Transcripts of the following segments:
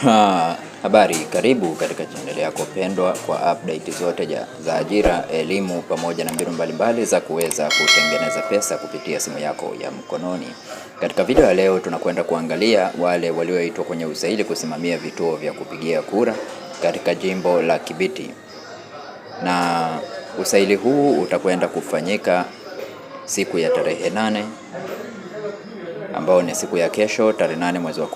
Ha, habari, karibu katika channel yako pendwa kwa update zote ja, za ajira, elimu pamoja na mbinu mbalimbali za kuweza kutengeneza pesa kupitia simu yako ya mkononi. Katika video ya leo tunakwenda kuangalia wale walioitwa kwenye usaili kusimamia vituo vya kupigia kura katika jimbo la Kibiti. Na usaili huu utakwenda kufanyika siku ya tarehe nane ambao ni siku ya kesho tarehe 8 mwezi wa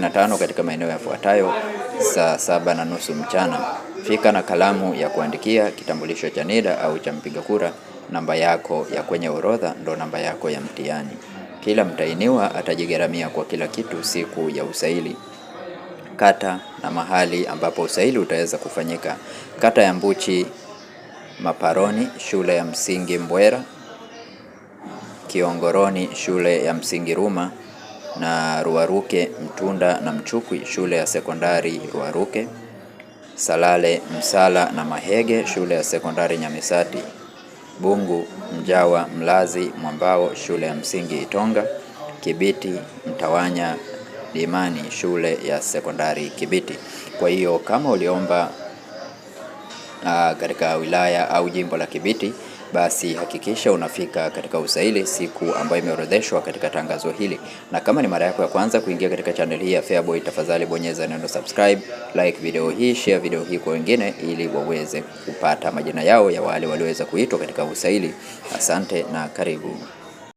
na tano katika maeneo yafuatayo: saa saba na nusu mchana, fika na kalamu ya kuandikia, kitambulisho cha NIDA au cha mpiga kura. Namba yako ya kwenye orodha ndo namba yako ya mtihani. Kila mtainiwa atajigharamia kwa kila kitu siku ya usaili. Kata na mahali ambapo usaili utaweza kufanyika: kata ya Mbuchi Maparoni, shule ya msingi Mbwera Kiongoroni shule ya msingi Ruma na Ruaruke Mtunda na Mchukwi shule ya sekondari Ruaruke, Salale Msala na Mahege shule ya sekondari Nyamisati, Bungu Mjawa Mlazi Mwambao shule ya msingi Itonga, Kibiti Mtawanya Dimani shule ya sekondari Kibiti. Kwa hiyo kama uliomba uh, katika wilaya au jimbo la Kibiti, basi hakikisha unafika katika usaili siku ambayo imeorodheshwa katika tangazo hili. Na kama ni mara yako ya kwanza kuingia katika channel hii ya Feaboy, tafadhali bonyeza neno subscribe, like video hii, share video hii kwa wengine, ili waweze kupata majina yao ya wale walioweza kuitwa katika usaili. Asante na karibu.